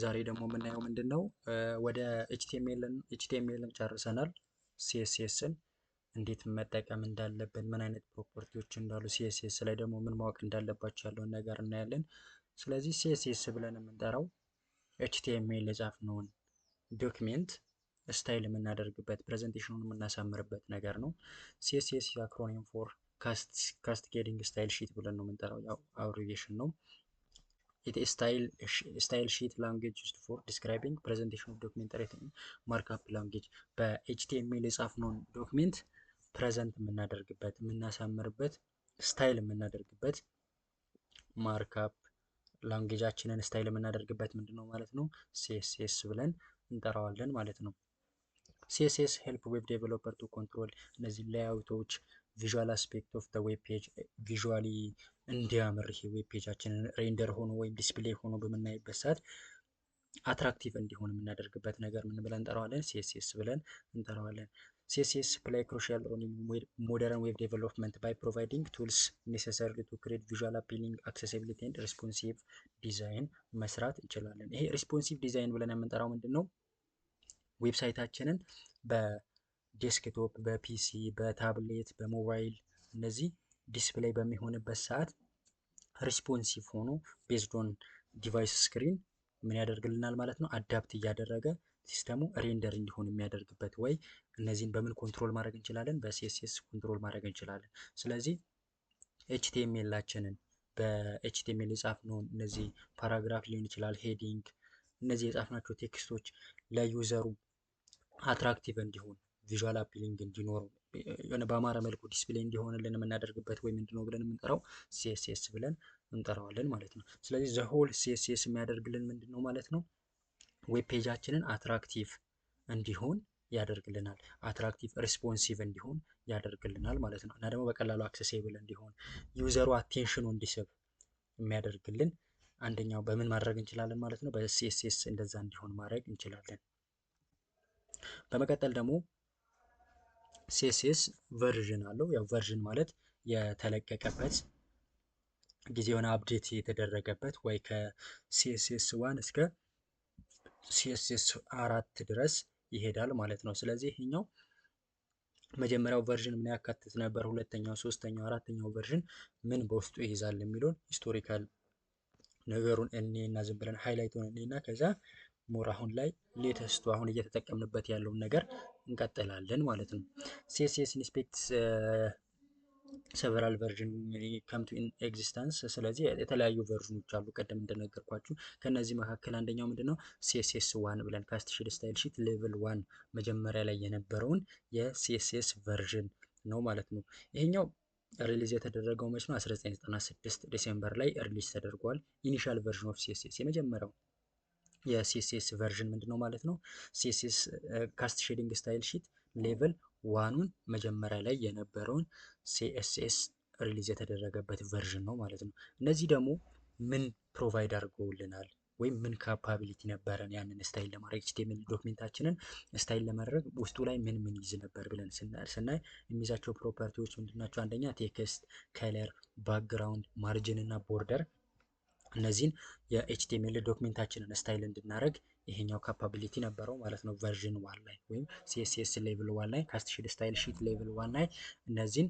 ዛሬ ደግሞ የምናየው ምንድን ነው ወደ ኤችቲኤምኤልን ጨርሰናል። ሲኤስኤስን እንዴት መጠቀም እንዳለብን ምን አይነት ፕሮፐርቲዎች እንዳሉ ሲኤስኤስ ላይ ደግሞ ምን ማወቅ እንዳለባቸው ያለውን ነገር እናያለን። ስለዚህ ሲኤስኤስ ብለን የምንጠራው ኤችቲኤምኤል የጻፍነውን ዶክሜንት ስታይል የምናደርግበት ፕሬዘንቴሽኑን የምናሳምርበት ነገር ነው። ሲኤስኤስ አክሮኒም ፎር ካስኬዲንግ ስታይል ሺት ብለን ነው የምንጠራው፣ ያው ነው። it is style style sheet language used for describing presentation of document writing markup language በኤችቲኤምኤል የጻፍነውን ዶክሜንት ፕሬዘንት የምናደርግበት የምናሳምርበት ስታይል የምናደርግበት ማርካፕ ላንጌጃችንን ስታይል የምናደርግበት ምንድን ነው ማለት ነው። ሲኤስኤስ ብለን እንጠራዋለን ማለት ነው። ሲኤስኤስ ሄልፕ ዌብ ዴቨሎፐር ቱ ኮንትሮል እነዚህ ሌያውቶች ቪዥዋል አስፔክት ኦፍ ዌብ ፔጅ ቪዥዋሊ እንዲያምር ይሄ ዌብ ፔጃችንን ሬንደር ሆኖ ወይም ዲስፕሌይ ሆኖ በምናይበት ሰዓት አትራክቲቭ እንዲሆን የምናደርግበት ነገር ምን ብለን እንጠራዋለን? ሲኤስኤስ ብለን እንጠራዋለን። ሲኤስኤስ ፕላይ ክሩሻል ኦን ሞደርን ዌብ ዴቨሎፕመንት ባይ ፕሮቫይዲንግ ቱልስ ኔሰሰሪ ቱ ክሬት ቪዥዋል አፒሊንግ አክሴሲቢሊቲ ኤንድ ሪስፖንሲቭ ዲዛይን መስራት እንችላለን። ይሄ ሪስፖንሲቭ ዲዛይን ብለን የምንጠራው ምንድን ነው? ዌብሳይታችንን በ ዴስክቶፕ፣ በፒሲ፣ በታብሌት፣ በሞባይል እነዚህ ዲስፕሌይ በሚሆንበት ሰዓት ሪስፖንሲቭ ሆኖ ቤዝድ ኦን ዲቫይስ ስክሪን ምን ያደርግልናል ማለት ነው? አዳፕት እያደረገ ሲስተሙ ሬንደር እንዲሆን የሚያደርግበት ወይ እነዚህን በምን ኮንትሮል ማድረግ እንችላለን? በሲኤስኤስ ኮንትሮል ማድረግ እንችላለን። ስለዚህ ኤችቲኤምኤላችንን በኤችቲኤምኤል የጻፍነውን እነዚህ ፓራግራፍ ሊሆን ይችላል፣ ሄዲንግ እነዚህ የጻፍናቸው ቴክስቶች ለዩዘሩ አትራክቲቭ እንዲሆን ቪዥዋል አፒሊንግ እንዲኖረው የሆነ በአማረ መልኩ ዲስፕሌይ እንዲሆንልን የምናደርግበት ወይ ምንድን ብለን የምንጠራው ሲኤስኤስ ብለን እንጠራዋለን ማለት ነው። ስለዚህ ዘሆል ሲኤስኤስ የሚያደርግልን ምንድን ነው ማለት ነው ዌብ ፔጃችንን አትራክቲቭ እንዲሆን ያደርግልናል። አትራክቲቭ ሪስፖንሲቭ እንዲሆን ያደርግልናል ማለት ነው እና ደግሞ በቀላሉ አክሴሴብል እንዲሆን ዩዘሩ አቴንሽኑ እንዲስብ የሚያደርግልን አንደኛው በምን ማድረግ እንችላለን ማለት ነው በሲኤስኤስ እንደዛ እንዲሆን ማድረግ እንችላለን። በመቀጠል ደግሞ ሴሴስ ቨርዥን አለው። ያው ቨርዥን ማለት የተለቀቀበት ጊዜውን አፕዴት የተደረገበት ወይ ከሲኤስኤስ ዋን እስከ ሲኤስኤስ አራት ድረስ ይሄዳል ማለት ነው። ስለዚህ ይህኛው መጀመሪያው ቨርዥን ምን ያካትት ነበር፣ ሁለተኛው፣ ሶስተኛው፣ አራተኛው ቨርዥን ምን በውስጡ ይይዛል የሚለውን ሂስቶሪካል ነገሩን እኔ እና ዝም ብለን ሃይላይቱን እኔና ከዛ ሞር አሁን ላይ ሌተስቱ አሁን እየተጠቀምንበት ያለውን ነገር እንቀጥላለን ማለት ነው። ሲኤስኤስ ኢንስፔክትስ ሰቨራል ቨርዥን ከምቱ ኤግዚስተንስ። ስለዚህ የተለያዩ ቨርዥኖች አሉ፣ ቀደም እንደነገርኳችሁ። ከእነዚህ መካከል አንደኛው ምንድን ነው? ሲኤስኤስ ዋን ብለን ካስትሽል ስታይል ሺት ሌቭል ዋን መጀመሪያ ላይ የነበረውን የሲኤስኤስ ቨርዥን ነው ማለት ነው። ይሄኛው ሪሊዝ የተደረገው መች ነው? 1996 ዲሴምበር ላይ ሪሊዝ ተደርጓል። ኢኒሻል ቨርዥን ኦፍ ሲኤስኤስ የመጀመሪያው የሲኤስኤስ ቨርዥን ምንድን ነው ማለት ነው። ሲኤስኤስ ካስት ሼዲንግ ስታይል ሺት ሌቨል ዋኑን መጀመሪያ ላይ የነበረውን ሲኤስኤስ ሪሊዝ የተደረገበት ቨርዥን ነው ማለት ነው። እነዚህ ደግሞ ምን ፕሮቫይድ አድርገውልናል ወይም ምን ካፓቢሊቲ ነበረን ያንን ስታይል ለማድረግ ኤችቲኤምኤል ዶክሜንታችንን ስታይል ለማድረግ ውስጡ ላይ ምን ምን ይዝ ነበር ብለን ስናይ የሚይዛቸው ፕሮፐርቲዎች ምንድናቸው? አንደኛ ቴክስት፣ ከለር፣ ባክግራውንድ፣ ማርጅን እና ቦርደር እነዚህን የኤችቲኤምኤል ዶክሜንታችንን ስታይል እንድናደረግ ይሄኛው ካፓቢሊቲ ነበረው ማለት ነው። ቨርዥን ዋን ላይ ወይም ሲኤስኤስ ሌቭል ዋን ላይ ካስት ሺድ ስታይል ሺት ሌቭል ዋን ላይ እነዚህን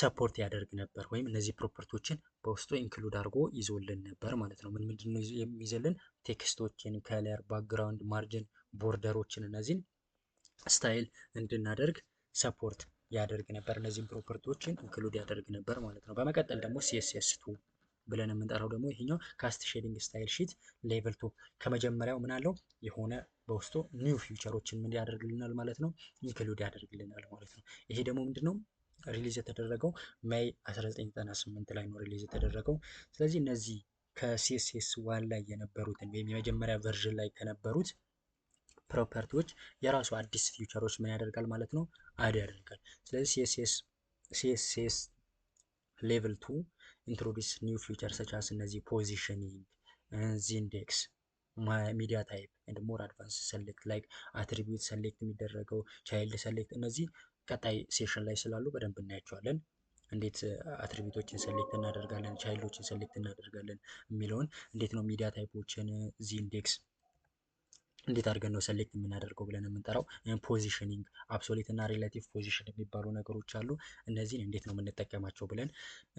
ሰፖርት ያደርግ ነበር ወይም እነዚህ ፕሮፐርቲዎችን በውስጡ ኢንክሉድ አድርጎ ይዞልን ነበር ማለት ነው። ምን ምንድን ነው የሚይዝልን? ቴክስቶችን፣ ከለር፣ ባክግራውንድ፣ ማርጅን፣ ቦርደሮችን እነዚህን ስታይል እንድናደርግ ሰፖርት ያደርግ ነበር። እነዚህን ፕሮፐርቲዎችን ኢንክሉድ ያደርግ ነበር ማለት ነው። በመቀጠል ደግሞ ሲኤስኤስ ቱ ብለን የምንጠራው ደግሞ ይሄኛው ካስት ሼዲንግ ስታይል ሺት ሌቨል ቱ ከመጀመሪያው ምን አለው የሆነ በውስጡ ኒው ፊውቸሮችን ምን ያደርግልናል ማለት ነው ኢንክሉድ ያደርግልናል ማለት ነው። ይሄ ደግሞ ምንድነው ሪሊዝ የተደረገው ሜይ 1998 ላይ ነው ሪሊዝ የተደረገው። ስለዚህ እነዚህ ከሲኤስኤስ ዋን ላይ የነበሩትን ወይም የመጀመሪያ ቨርዥን ላይ ከነበሩት ፕሮፐርቲዎች የራሱ አዲስ ፊውቸሮች ምን ያደርጋል ማለት ነው አድ ያደርጋል። ስለዚህ ሲኤስኤስ ሌቭል ቱ ኢንትሮዲስ ኒው ፊውቸር ሰቻስ እነዚህ ፖዚሽኒንግ ዚንዴክስ ሚዲያ ታይፕ ኤንድ ሞር አድቫንስ ሰሌክት ላይክ አትሪቢዩት ሰሌክት የሚደረገው ቻይልድ ሰሌክት እነዚህ ቀጣይ ሴሽን ላይ ስላሉ በደንብ እናያቸዋለን። እንዴት አትሪቢቶችን uh, ሰሌክት እናደርጋለን፣ ቻይልዶችን ሰሌክት እናደርጋለን የሚለውን እንዴት ነው ሚዲያ ታይፖችን ዚ ኢንዴክስ እንዴት አድርገን ነው ሰሌክት የምናደርገው ብለን የምንጠራው ፖዚሽኒንግ፣ አብሶሌት እና ሪላቲቭ ፖዚሽን የሚባሉ ነገሮች አሉ። እነዚህን እንዴት ነው የምንጠቀማቸው ብለን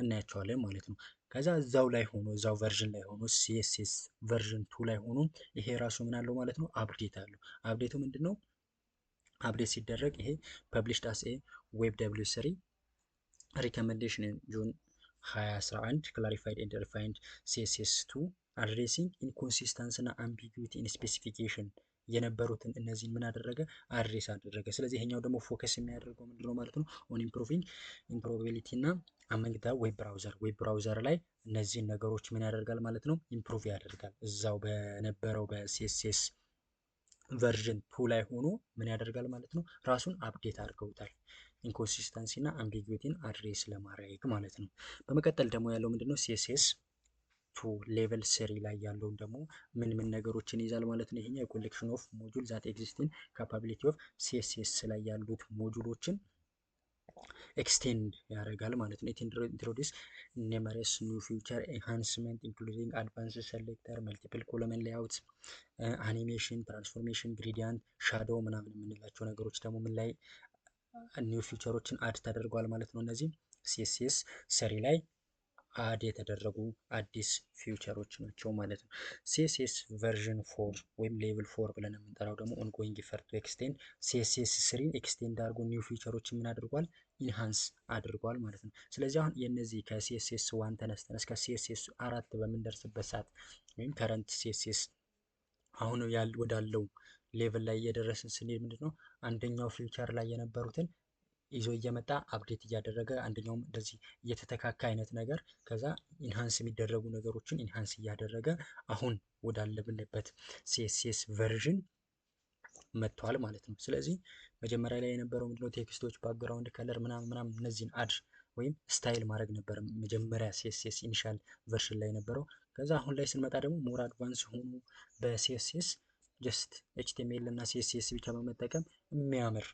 እናያቸዋለን ማለት ነው። ከዛ እዛው ላይ ሆኖ እዛው ቨርዥን ላይ ሆኖ ሲኤስኤስ ቨርዥን ቱ ላይ ሆኖ ይሄ ራሱ ምን አለው ማለት ነው አፕዴት አለው። አፕዴቱ ምንድን ነው? አፕዴት ሲደረግ ይሄ ፐብሊሽድ አስ ኤ ዌብ ደብሊው ስሪ ሪኮመንዴሽን ጁን 2011 clarified and refined css2 አድሬሲንግ ኢንኮንሲስተንስ እና አምቢጊቲ ኢን ስፔሲፊኬሽን የነበሩትን እነዚህን ምን አደረገ አድሬስ አደረገ። ስለዚህ ይሄኛው ደግሞ ፎከስ የሚያደርገው ምንድነው ማለት ነው ኦን ኢምፕሮቪንግ ኢምፕሮቪቢሊቲ እና አመንግ ዘ ዌብ ብራውዘር ዌብ ብራውዘር ላይ እነዚህን ነገሮች ምን ያደርጋል ማለት ነው ኢምፕሩቭ ያደርጋል። እዛው በነበረው በሲኤስኤስ ቨርዥን ቱ ላይ ሆኖ ምን ያደርጋል ማለት ነው ራሱን አፕዴት አድርገውታል። ኢንኮንሲስተንሲ እና አምቢጊቲን አድሬስ ለማድረግ ማለት ነው። በመቀጠል ደግሞ ያለው ምንድነው ሲኤስኤስ ቱ ሌቨል ስሪ ላይ ያለውን ደግሞ ምን ምን ነገሮችን ይዛል ማለት ነው። ይሄኛው የኮሌክሽን ኦፍ ሞጁል ዛት ኤግዚስቲንግ ካፓቢሊቲ ኦፍ ሲኤስኤስ ላይ ያሉት ሞጁሎችን ኤክስቴንድ ያደርጋል ማለት ነው። ኢንትሮዲስ ኔመሬስ ኒው ፊውቸር ኤንሃንስመንት ኢንክሉዚንግ አድቫንስ ሴሌክተር መልቲፕል ኮሎመን ሌአውት አኒሜሽን፣ ትራንስፎርሜሽን፣ ግሪዲያንት፣ ሻዶ ምናምን የምንላቸው ነገሮች ደግሞ ምን ላይ ኒው ፊውቸሮችን አድ ተደርጓል ማለት ነው። እነዚህ ሲኤስኤስ ስሪ ላይ አድ የተደረጉ አዲስ ፊውቸሮች ናቸው ማለት ነው። ሲኤስኤስ ቨርዥን ፎር ወይም ሌቭል ፎር ብለን የምንጠራው ደግሞ ኦንጎይንግ ኢፈርት ቱ ኤክስቴንድ ሲኤስኤስ ስሪን ኤክስቴንድ አድርጎ ኒው ፊውቸሮችን ምን አድርጓል ኢንሃንስ አድርጓል ማለት ነው። ስለዚህ አሁን የነዚህ ከሲኤስኤስ ዋን ተነስተን እስከ ሲኤስኤስ አራት በምንደርስበት ሰዓት ወይም ከረንት ሲኤስኤስ አሁን ወዳለው ሌቭል ላይ እየደረስን ስንሄድ ምንድን ነው አንደኛው ፊውቸር ላይ የነበሩትን ይዞ እየመጣ አፕዴት እያደረገ አንደኛውም እንደዚህ እየተተካካ አይነት ነገር ከዛ ኢንሃንስ የሚደረጉ ነገሮችን ኢንሃንስ እያደረገ አሁን ወዳለብንበት ሲኤስኤስ ቨርዥን መጥቷል ማለት ነው። ስለዚህ መጀመሪያ ላይ የነበረው ምንድነው ቴክስቶች፣ ባክግራውንድ ከለር ምናምን ምናምን እነዚህን አድ ወይም ስታይል ማድረግ ነበር መጀመሪያ ሲኤስኤስ ኢኒሻል ቨርሽን ላይ የነበረው። ከዛ አሁን ላይ ስንመጣ ደግሞ ሞር አድቫንስ ሆኑ በሲኤስኤስ ጀስት ኤችቲኤምኤል እና ሲኤስኤስ ብቻ በመጠቀም የሚያምር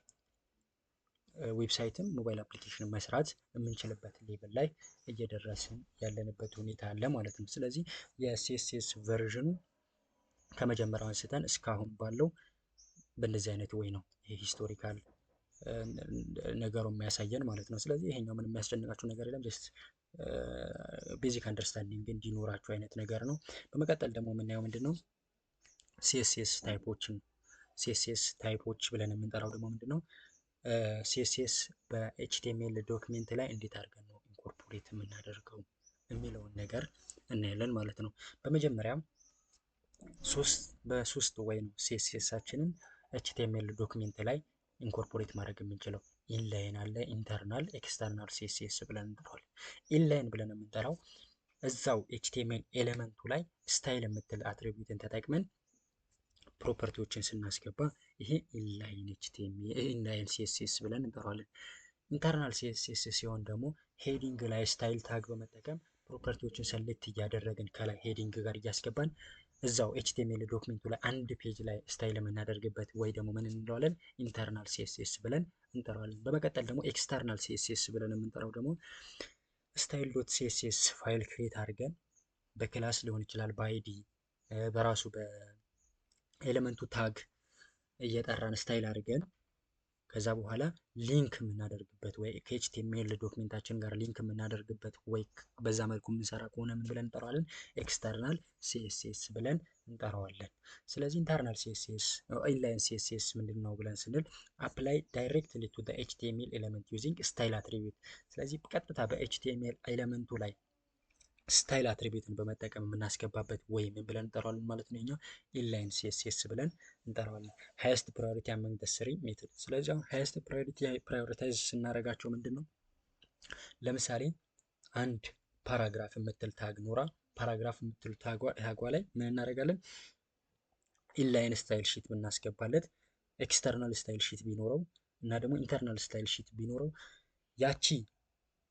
ዌብሳይትም ሞባይል አፕሊኬሽን መስራት የምንችልበት ሌቭል ላይ እየደረስን ያለንበት ሁኔታ አለ ማለት ነው። ስለዚህ የሲኤስኤስ ቨርዥኑ ከመጀመሪያው አንስተን እስካሁን ባለው በእንደዚህ አይነት ወይ ነው ይሄ ሂስቶሪካል ነገሩ የሚያሳየን ማለት ነው። ስለዚህ ይሄኛው ምን የሚያስጨንቃቸው ነገር የለም። ጀስት ቤዚክ አንደርስታንዲንግ እንዲኖራቸው አይነት ነገር ነው። በመቀጠል ደግሞ የምናየው ምንድን ነው ሲኤስኤስ ታይፖችን ሲኤስኤስ ታይፖች ብለን የምንጠራው ደግሞ ምንድን ነው? ሲኤስኤስ በኤችቲኤምኤል ዶክሜንት ላይ እንዴት አድርገን ነው ኢንኮርፖሬት የምናደርገው የሚለውን ነገር እናያለን ማለት ነው። በመጀመሪያ በሶስት ወይ ነው ሲኤስኤሳችንን ኤችቲኤምኤል ዶክሜንት ላይ ኢንኮርፖሬት ማድረግ የምንችለው ኢንላይን አለ፣ ኢንተርናል፣ ኤክስተርናል ሲኤስኤስ ብለን እንጠራዋለን። ኢንላይን ብለን የምንጠራው እዛው ኤችቲኤምኤል ኤሌመንቱ ላይ ስታይል የምትል አትሪቢዩትን ተጠቅመን ፕሮፐርቲዎችን ስናስገባ ይሄ ኢንላይን ኤችቲኤምኤል ኢንላይን ሲኤስኤስ ብለን እንጠራዋለን። ኢንተርናል ሲኤስኤስ ሲሆን ደግሞ ሄዲንግ ላይ ስታይል ታግ በመጠቀም ፕሮፐርቲዎችን ሰሌክት እያደረግን ከላይ ሄዲንግ ጋር እያስገባን እዛው ኤችቲኤምኤል ዶክመንቱ ላይ አንድ ፔጅ ላይ ስታይል የምናደርግበት ወይ ደግሞ ምን እንለዋለን ኢንተርናል ሲኤስኤስ ብለን እንጠራዋለን። በመቀጠል ደግሞ ኤክስተርናል ሲኤስኤስ ብለን የምንጠራው ደግሞ ስታይል ዶት ሲኤስኤስ ፋይል ክሬት አድርገን በክላስ ሊሆን ይችላል በአይዲ በራሱ ኤሌመንቱ ታግ እየጠራን ስታይል አድርገን ከዛ በኋላ ሊንክ የምናደርግበት ወይ ከኤችቲኤምኤል ዶክሜንታችን ጋር ሊንክ የምናደርግበት ወይ በዛ መልኩ የምንሰራ ከሆነ ምን ብለን እንጠራዋለን? ኤክስተርናል ሲኤስኤስ ብለን እንጠራዋለን። ስለዚህ ኢንተርናል ሲኤስኤስ ኢንላይን ሲኤስኤስ ምንድን ነው ብለን ስንል አፕላይ ዳይሬክትሊ ቱ ኤችቲኤምኤል ኤሌመንት ዩዚንግ ስታይል አትሪቢዩት። ስለዚህ ቀጥታ በኤችቲኤምኤል ኤሌመንቱ ላይ ስታይል አትሪቢዩትን በመጠቀም የምናስገባበት ወይ ምን ብለን እንጠራዋለን ማለት ነው። ኛው ኢንላይን ሲኤስኤስ ብለን እንጠራዋለን። ሃይስት ፕራዮሪቲ አመንግ ዘ ስሪ ሜትድ። ስለዚህ አሁን ሃይስት ፕራዮሪቲ ፕራዮሪታይዝ ስናደርጋቸው ምንድን ነው? ለምሳሌ አንድ ፓራግራፍ የምትል ታግ ኖራ ፓራግራፍ የምትል ታጓ ላይ ምን እናደርጋለን? ኢንላይን ስታይል ሺት ብናስገባለት ኤክስተርናል ስታይል ሺት ቢኖረው እና ደግሞ ኢንተርናል ስታይል ሺት ቢኖረው ያቺ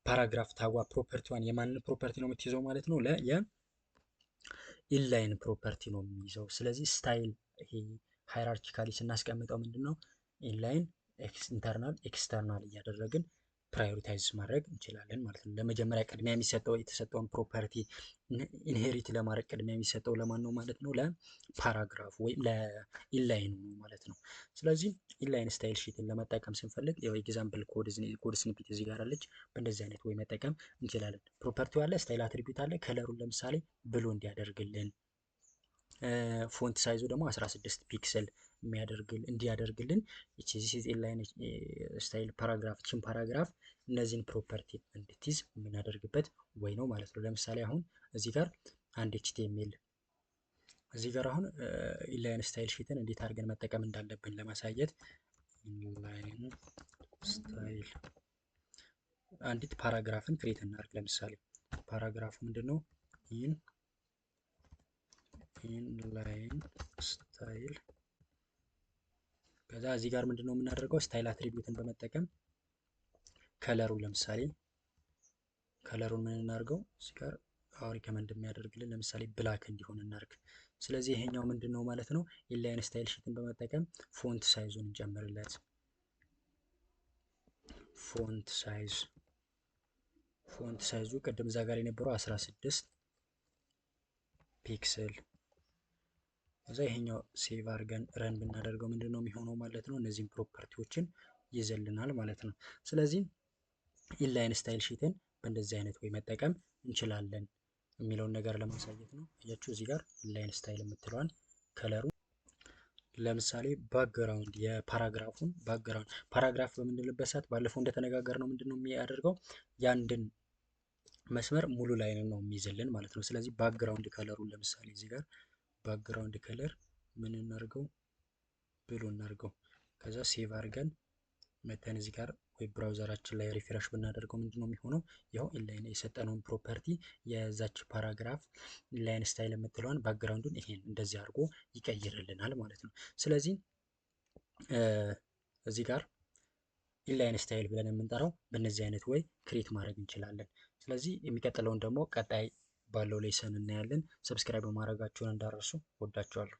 ፓራግራፍ ታዋ ፕሮፐርቲዋን የማንን ፕሮፐርቲ ነው የምትይዘው ማለት ነው? ለኢንላይን ፕሮፐርቲ ነው የሚይዘው። ስለዚህ ስታይል ይሄ ሃይራርኪካሊ ስናስቀምጠው ምንድን ነው ኢንላይን ኢንተርናል ኤክስተርናል እያደረግን ፕራዮሪታይዝ ማድረግ እንችላለን ማለት ነው። ለመጀመሪያ ቅድሚያ የሚሰጠው የተሰጠውን ፕሮፐርቲ ኢንሄሪት ለማድረግ ቅድሚያ የሚሰጠው ለማን ነው ማለት ነው? ለፓራግራፍ ወይም ለኢንላይኑ ነው ማለት ነው። ስለዚህ ኢንላይን ስታይል ሺትን ለመጠቀም ስንፈልግ ያው ኤግዛምፕል ኮድ ስኒፒት እዚህ ጋር አለች። በእንደዚህ አይነት ወይ መጠቀም እንችላለን። ፕሮፐርቲው አለ፣ ስታይል አትሪቢዩት አለ። ከለሩን ለምሳሌ ብሎ እንዲያደርግልን ፎንት ሳይዙ ደግሞ 16 ፒክሰል የሚያደርግልን እንዲያደርግልን ሴጤን ስታይል ፓራግራፍ ችን ፓራግራፍ እነዚህን ፕሮፐርቲ እንድትይዝ የምናደርግበት ወይ ነው ማለት ነው። ለምሳሌ አሁን እዚህ ጋር አንድ ኤችቲኤምኤል እዚህ ጋር አሁን ኢንላይን ስታይል ሺትን እንዴት አድርገን መጠቀም እንዳለብን ለማሳየት ኢንላይን ስታይል አንዲት ፓራግራፍን ክሬት እናደርግ። ለምሳሌ ፓራግራፉ ምንድን ነው? ኢን ኢንላይን ከዛ እዚህ ጋር ምንድን ነው የምናደርገው ስታይል አትሪቢዩትን በመጠቀም ከለሩን ለምሳሌ ከለሩን ምን እናደርገው እዚህ ጋር አሁን ሪከመንድ የሚያደርግልን ለምሳሌ ብላክ እንዲሆን እናርግ። ስለዚህ ይሄኛው ምንድን ነው ማለት ነው ኢንላይን ስታይል ሺትን በመጠቀም ፎንት ሳይዙን እንጨምርለት። ፎንት ሳይዝ ፎንት ሳይዙ ቅድም እዛ ጋር የነበረው 16 ፒክስል ከዛ ይሄኛው ሴቭ አድርገን ረን ብናደርገው ምንድን ነው የሚሆነው ማለት ነው። እነዚህን ፕሮፐርቲዎችን ይዘልናል ማለት ነው። ስለዚህ ኢንላይን ስታይል ሺትን በእንደዚህ አይነት ወይ መጠቀም እንችላለን የሚለውን ነገር ለማሳየት ነው። እያችሁ እዚህ ጋር ኢንላይን ስታይል የምትለዋን ከለሩ ለምሳሌ ባክግራውንድ የፓራግራፉን ባክግራውንድ ፓራግራፍ በምንልበት ሰዓት ባለፈው እንደተነጋገር ነው ምንድን ነው የሚያደርገው የአንድን መስመር ሙሉ ላይን ነው የሚይዝልን ማለት ነው። ስለዚህ ባክግራውንድ ከለሩን ለምሳሌ እዚህ ጋር ባክግራውንድ ከለር ምን እናርገው ብሉ እናርገው። ከዛ ሴቭ አድርገን መተን እዚህ ጋር ዌብ ብራውዘራችን ላይ ሪፍሬሽ ብናደርገው ምንድን ነው የሚሆነው? ይኸው ኢንላይን የሰጠነውን ፕሮፐርቲ የዛች ፓራግራፍ ኢንላይን ስታይል የምትለዋን ባክግራውንዱን ይሄን እንደዚህ አድርጎ ይቀይርልናል ማለት ነው። ስለዚህ እዚህ ጋር ኢንላይን ስታይል ብለን የምንጠራው በእነዚህ አይነት ወይ ክሬት ማድረግ እንችላለን። ስለዚህ የሚቀጥለውን ደግሞ ቀጣይ ባለው ላይ ሰን እናያለን። ሰብስክራይብ ማድረጋችሁን እንዳረሱ ወዳችኋለሁ።